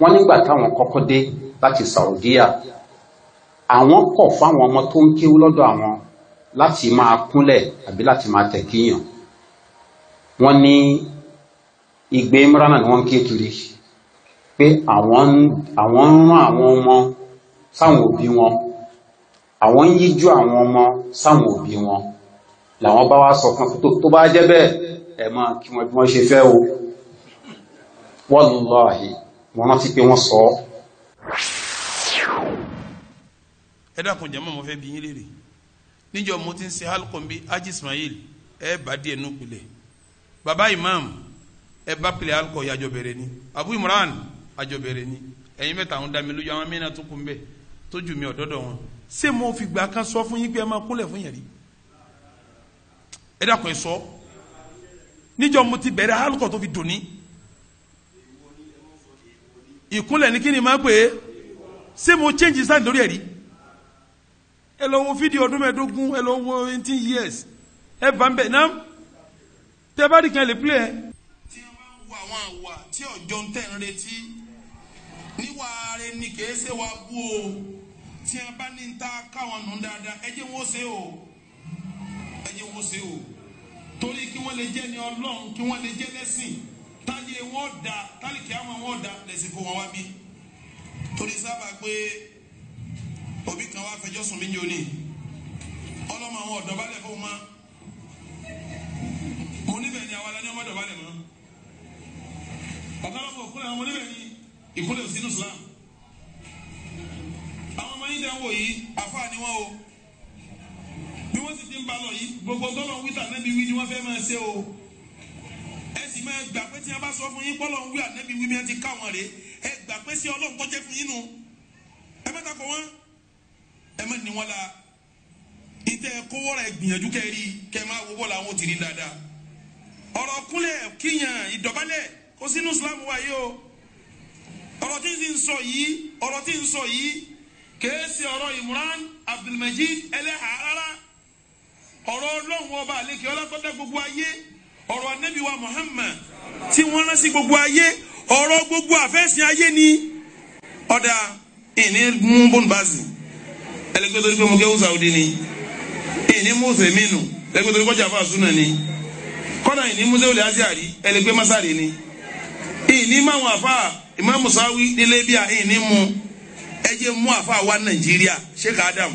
wọ́n nígbà táwọn kọ́kọ́ dé láti Saudiya àwọn kọ̀ fáwọn ọmọ tó ń kéwú lọ́dọ̀ àwọn láti máa kúnlẹ̀ àbí láti máa tẹ̀kíyàn wọ́n ní ìgbé mìíràn ni wọ́n ń ké kiri pé àwọn ń rán àwọn ọmọ sáwọn òbí wọn àwọn ń yíjú àwọn ọmọ sáwọn òbí wọn làwọn bá wá sọ kan tó bá jẹ́ bẹ́ẹ̀ ẹ máa kí wọn bí wọ́n ṣe fẹ́ o wallahi wọ́n rántí pé wọ́n sọ ọ́. ẹ dákun jẹ́ mọ́ mo fẹ́ bí yín léèrè níjọ́ mo ti ń ṣe halkom bíi Haji Ismail ẹ bá díẹ̀ nù pilẹ̀ baba imam ẹ bá pilẹ̀ halkọ yìí àjọ bẹ̀rẹ̀ ni Abu Imran àjọ bẹ̀rẹ̀ ni ẹ̀yin mẹ́ta àwọn dami lójú àwọn mẹ́rin tó kún bẹ́ẹ̀ tó jù mí ọ̀dọ́dọ̀ wọn ṣé mo fi gbà kan sọ fún yín pé ẹ máa kúnlẹ̀ fún yẹn rí ẹ dákun ẹ sọ níjọ́ mo ti bẹ̀rẹ̀ halkọ tó fi dùn ní ìkúnlẹ̀ ní kí ni máa pè é ṣé mo change sign lórí ẹ̀ rí ẹ lọ wo fídíò ọdún mẹ́ẹ̀ẹ́dógún ẹ lọ wo eighteen years ẹ bá ń bẹ̀ náà tẹ bá rí kan lè play tí wọ́n bá ń wo àwọn àwà tí ọjọ́ ń tẹ̀ ń retí níwà rẹ ni kì í ṣe wá bú o tí wọ́n bá ní ta káwọn nù dáadáa ẹ jẹ́ wọ́n ṣe o ẹ jẹ́ wọ́n ṣe o torí kí wọ́n lè jẹ́ ni ọlọ́run kí wọ́n lè jẹ́ lẹ́sìn táyé wọn da tálíkì àwọn wọn da lẹ́sìn wọn wá bí torí sábà pé òbí kan wá fẹjọ́ sùn mí jóni ọlọ́mọ àwọn ọ̀dọ́ balẹ̀ fún ma mo níbẹ̀ ni àwa lẹ́ni ọmọdé balẹ̀ mọ́ ọ̀gáwọ́ òkúlẹ̀ àwọn oníbẹ̀ ni ìkúlẹ̀ òsínú Islam àwọn ọmọ yín dẹ̀ ń wò yìí àfáà ni o bí wọ́n sì ti ń balọ̀ yìí gbogbo tọ́lọ̀ wíta nẹ́bi wí ni wọ́n fẹ́ máa ṣe o máa gbà pé tí wọ́n bá sọ fún yín pọ́lọ̀ ń wí ànábì wí mi ẹ ti ká wọn rè é gbà pé sí ọlọ́run tó jẹ́ fún yín nu ẹ má takò wọn ẹ má ní wọn la ìtẹ kówó rẹ gbìyànjú kẹ rí kẹ má wọ bọ́ọ̀lù àwọn òtìrí dáadáa ọ̀rọ̀ kúnlẹ̀ kíyàn ìdọ̀bálẹ̀ kò sínú Islam wáyé o ọ̀rọ̀ tí ń sọ yìí ọ̀rọ̀ tí ń sọ yìí kèésì ọ̀rọ̀ Imran Abdulmajid ẹlẹ́hàá rárá ọ̀rọ̀ ọlọ́run ọba àlekè ọlọ́tọ́dá gbogbo ayé ọ̀rọ̀ anabi wa muhammad tí wọ́n rán sí gbogbo ayé ọ̀rọ̀ gbogbo àfẹ́sìn ayé ni ọ̀dà ìní mú bónbazì ẹlẹgbẹ́ torí pé mo kẹ́ Saudi ni ìní mú fèmínú ẹlẹgbẹ́ torí kọjá fà súnà ni kọ́nà ìní mú sẹ́wọ̀lì azíàrí ẹlẹgbẹ́ masari ni ìní máwọn àfà Imam Musawi ní Libya ìní mú ẹjẹ mú àfà wa Nàìjíríà Sheikh Adam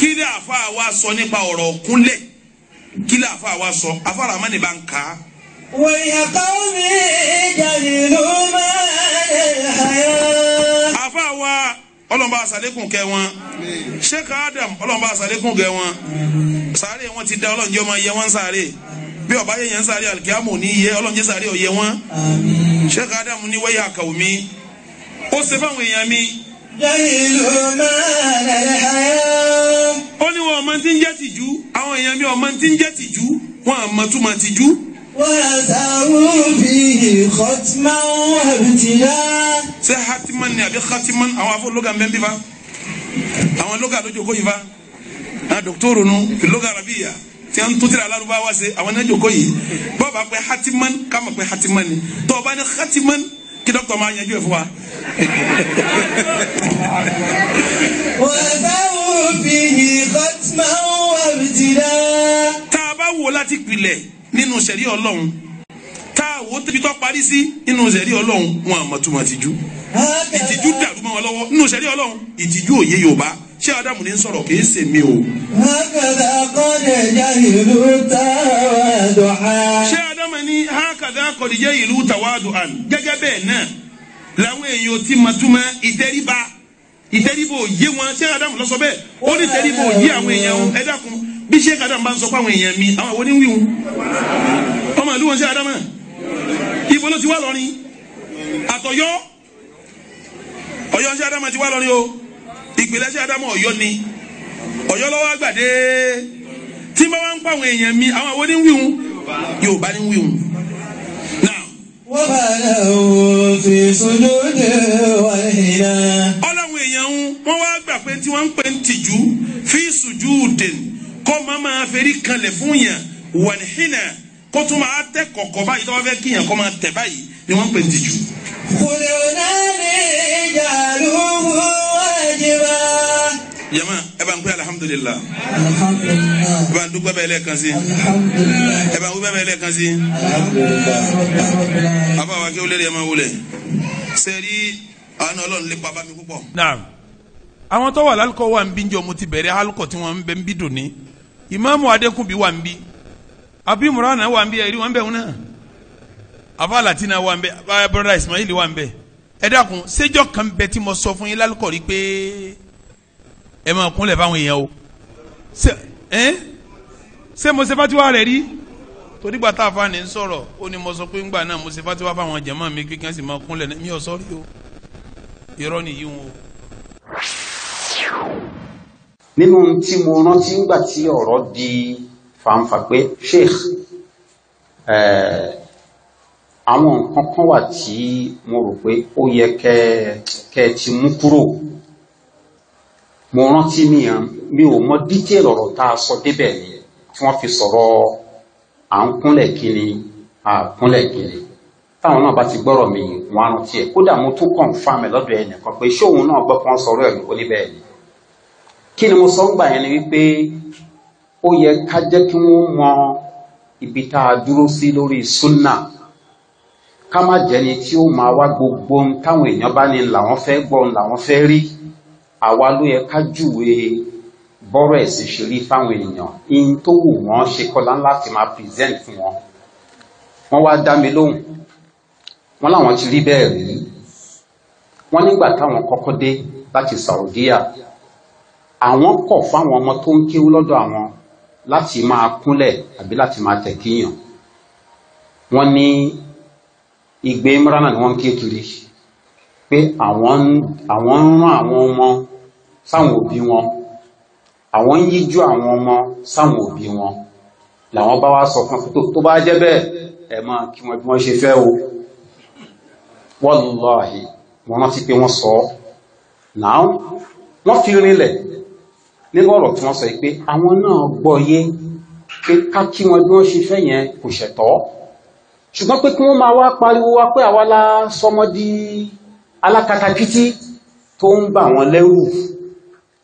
kí ni àfà wa sọ nípa ọ̀rọ̀ kúnlẹ̀. Kila lè àfa wa sọ àfa ramani bá ń kà á. wòye káwé jáde lè hayọ. àfa wa ọlọ́mọba àsàlẹ́kùn kẹ́ wọn sheikh adam ọlọ́mọba àsàlẹ́kùn kẹ́ wọn sáré wọn ti da ọlọ́njẹ́ máa yẹ wọn sáré bí ọba yẹ yẹn sáré alikiamu ní yẹ ọlọ́njẹ́ sáré ọ̀yẹ wọn sheikh adam ní wọ́yẹ àkàwé mi ó ṣe fáwọn èèyàn mi. jáde ló máa lè hayọ. ó ní wọn ọmọ tí ń jẹ́ tìjú àwọn èèyàn mi ọmọ tí ń jẹ́ tìjú wọn àmọ́ tó máa tìjú. ṣé hatiman ni àbí hatiman àwọn afọ lóga mbẹ́ nbífa àwọn lóga lójó kó yìí fa àwọn dòkítọ́rù nu lóga rabiya tí a ń tó tira alárúbáwá ṣe àwọn ẹ̀jọ̀ kó yìí bọ́ọ̀ bá pẹ́ hatiman ká mọ̀ pé hatiman ni tọ́ọ̀ bá ní hatiman kí dókítà máa yanjú ẹ̀ fún wa. wàtàwọn fìyì kọ́tìmá wà bìtìlá. tá a bá wò láti pilẹ̀ nínú sẹ̀rí ọlọ́run tá a wò tẹ́bi tó parí sí nínú sẹ̀rí ọlọ́run wọn àmọ́ tó máa tìjú. ìtìjú dàrú mọ́ wọn lọ́wọ́ nínú sẹ̀rí ọlọ́run ìtìjú òye Yorùbá ṣé Ádámù ní sọ̀rọ̀ kì í ṣe mi o. wọ́n kẹ́lẹ́ akọ́dẹ̀ yá ìlú táwọn àdọ̀há. ṣé wákàtá kọ̀díjẹ́ ìlú tàwádù àn gẹ́gẹ́ bẹ́ẹ̀ náà làwọn èèyàn ti máa túmọ̀ ìtẹríba ìtẹríba ò yé wọn ṣé adamu lọ sọ bẹ́ẹ̀ ó ní ìtẹríba ò àwọn èèyàn ẹ dákun bí ṣé adamu bá ń sọ pé àwọn èèyàn mi àwọn àwọn oníwìwù ọmọ ìlú wọn ṣé adamu ibo ló ti wá lọrin àtọ̀yọ́ Ọ̀yọ́ ṣé adamu ti wá lọrin o ìpìlẹ̀ ṣé adamu Ọ̀yọ́ ni Ọ̀yọ́ lọ́wọ́ àgbàdé tí bá wá ń pa àwọn èèyàn mi àwọn àwọn oníwìwù Yorùbá ni wíwù wọ́n lọ fi sojúde wàhíná. ọlọ́run èèyàn ń wọ́n wá gbà pé tí wọ́n ń pè ń tìjú fi sùjú dèn kó máa máa fẹ́rí kanlẹ̀ fún yàn wàhíná kó tún máa tẹ́ kọ̀kọ̀ báyìí tó wọ́n fẹ́ kíyàn kó máa tẹ̀ báyìí ni wọ́n ń pè ń tìjú. kúlẹ̀ ó jama ẹ b'an kuyi alihamudulila ẹ b'an dugba bẹẹ lẹ kansi ẹ b'an wubẹ bẹẹ lẹ kansi a b'a wa kí wulẹ de yẹ ma wulẹ sẹri àwọn Ọlọ́run lè pàbá mi púpọ̀. naam àwọn tó wà lálùkọ wà ń bí njọ mo ti bẹ̀rẹ̀ alùkọ tí wọ́n ń bẹ ń bí dòní ìmáàmù adékùnbí wà ń bí àbí mùránà wà ń bí ẹ̀rí wà ń bẹ̀ wọn náà àbá latina wà ń bẹ̀ bọ́dà ismail wà ń bẹ̀ ẹ dákun séjọ́ kan bẹ tí mo sọ fún yín lálùkọ rí pé ẹ máa kúnlẹ̀ fáwọn èèyàn o ṣe ẹ́n ṣé mo ṣe fatiwa rẹ̀ rí torí gbà tá a fa ni ń sọ̀rọ̀ ó ní mo sọ pé ńgbà náà mo ṣe fatiwa fáwọn jẹ̀mọ́ mi kí kí wọ́n sì máa kúnlẹ̀ mi ò sọ́rí o irọ́ nìyí wọn o. nínú tí mo rántí ńgbà tí ọ̀rọ̀ di fàǹfà pé sheikh àwọn nǹkan kan wà tí mo rò pé ó yẹ kẹ́ ẹ ti mú kúrò mo rántí mi hàn mi ò mọ dítẹ́ẹ̀lì ọ̀rọ̀ tá a sọ débẹ̀ nìyẹn tí wọ́n fi sọ̀rọ̀ à ń kúnlẹ̀ kíni à kúnlẹ̀ kíni táwọn náà bá ti gbọ́rọ̀ mi wọ́n á rántí ẹ̀ kódà mo tún confirm ẹ̀ lọ́dọ̀ ẹ̀ nìkan pé ṣé òun náà gbọ́ pé wọ́n sọ̀rọ̀ ẹ̀ oníbẹ̀ẹ́ ni kí ni mo sọ ń gbà yẹn ni wípé ó yẹ ká jẹ́ kí wọ́n mọ ibi tá a dúró sí lórí súnà ká má jẹni tí ó máa wá gbogbo ohun táwọn èèyàn bá ní làwọn fẹ́ gbọ́ làwọn fẹ́ rí àwa ló yẹ ká júwe bọ́rọ̀ ẹ̀sìn ṣe rí fáwọn èèyàn in tó wù wọ́n ṣe kọ́lá ńlá ti máa present fún wọn wọ́n wá dá mi lóhùn wọ́n láwọn ti rí bẹ́ẹ̀ rí wọ́n nígbà táwọn kọ́kọ́ dé láti Saudiya àwọn kọ̀ fáwọn ọmọ tó ń kéwú lọ́dọ̀ àwọn láti máa kúnlẹ̀ àbí láti máa tẹ̀ kíyàn wọ́n ní igbe mìíràn ni wọ́n ń ké kiri pé àwọn ń rán àwọn ọmọ sáwọn òbí wọn àwọn ń yíjú àwọn ọmọ sáwọn òbí wọn làwọn bá wá sọ fún pé tó bá jẹ́ bẹ́ẹ̀ ẹ máa kí wọn bí wọ́n ṣe fẹ́ o wallahi wọ́n rántí pé wọ́n sọ náà wọ́n fi rinlẹ̀ nínú ọ̀rọ̀ tí wọ́n sọ pé àwọn náà gbọ́yé pé ká kí wọn bí wọ́n ṣe fẹ́ yẹn kò ṣẹ̀tọ́ ṣùgbọ́n pé kí wọ́n máa wá pariwo wá pé àwa la sọmọ di alákatakítí tó ń bà wọ́n lẹ́rù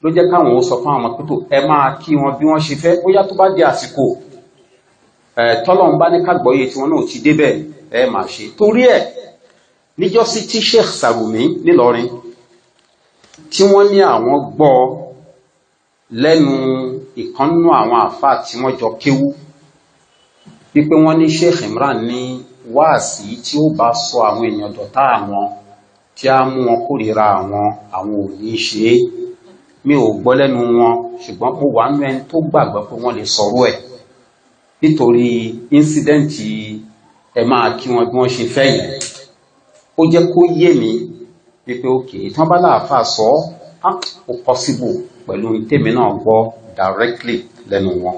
ló jẹ́ káwọn ó sọ fún àwọn pẹ̀tò ẹ máa kí wọn bí wọ́n ṣe fẹ́ bóyá tó bá di àsìkò tọ́lọ́run bá ní kàgbọ́yé tí wọn náà ti débẹ̀ ẹ máa ṣe torí ẹ̀ níjọ́sí tí Sheikh Sarumi nílọrin tí wọ́n ní àwọn gbọ́ lẹ́nu ìkànnú àwọn àfáà tí wọ́n jọ kéwú wípé wọ́n ní Sheikh Imran ní wáàsí tí ó bá sọ àwọn èèyàn dọ̀tá àwọn tí a mú wọn kórìíra àwọn àwọn ò ní ṣe é mi ò gbọ́ lẹ́nu wọn ṣùgbọ́n mo wà nínú ẹni tó gbàgbọ́ pé wọ́n lè sọ̀rọ̀ ẹ̀ nítorí ínsídẹ́ǹtì ẹ máa kí wọn bí wọ́n ṣe fẹ́ yìí ó jẹ́ kó yé mi wípé òkè tí wọ́n bá láàfà sọ ah, ó possible pẹ̀lú tèmi náà gbọ́ directly lẹ́nu wọn.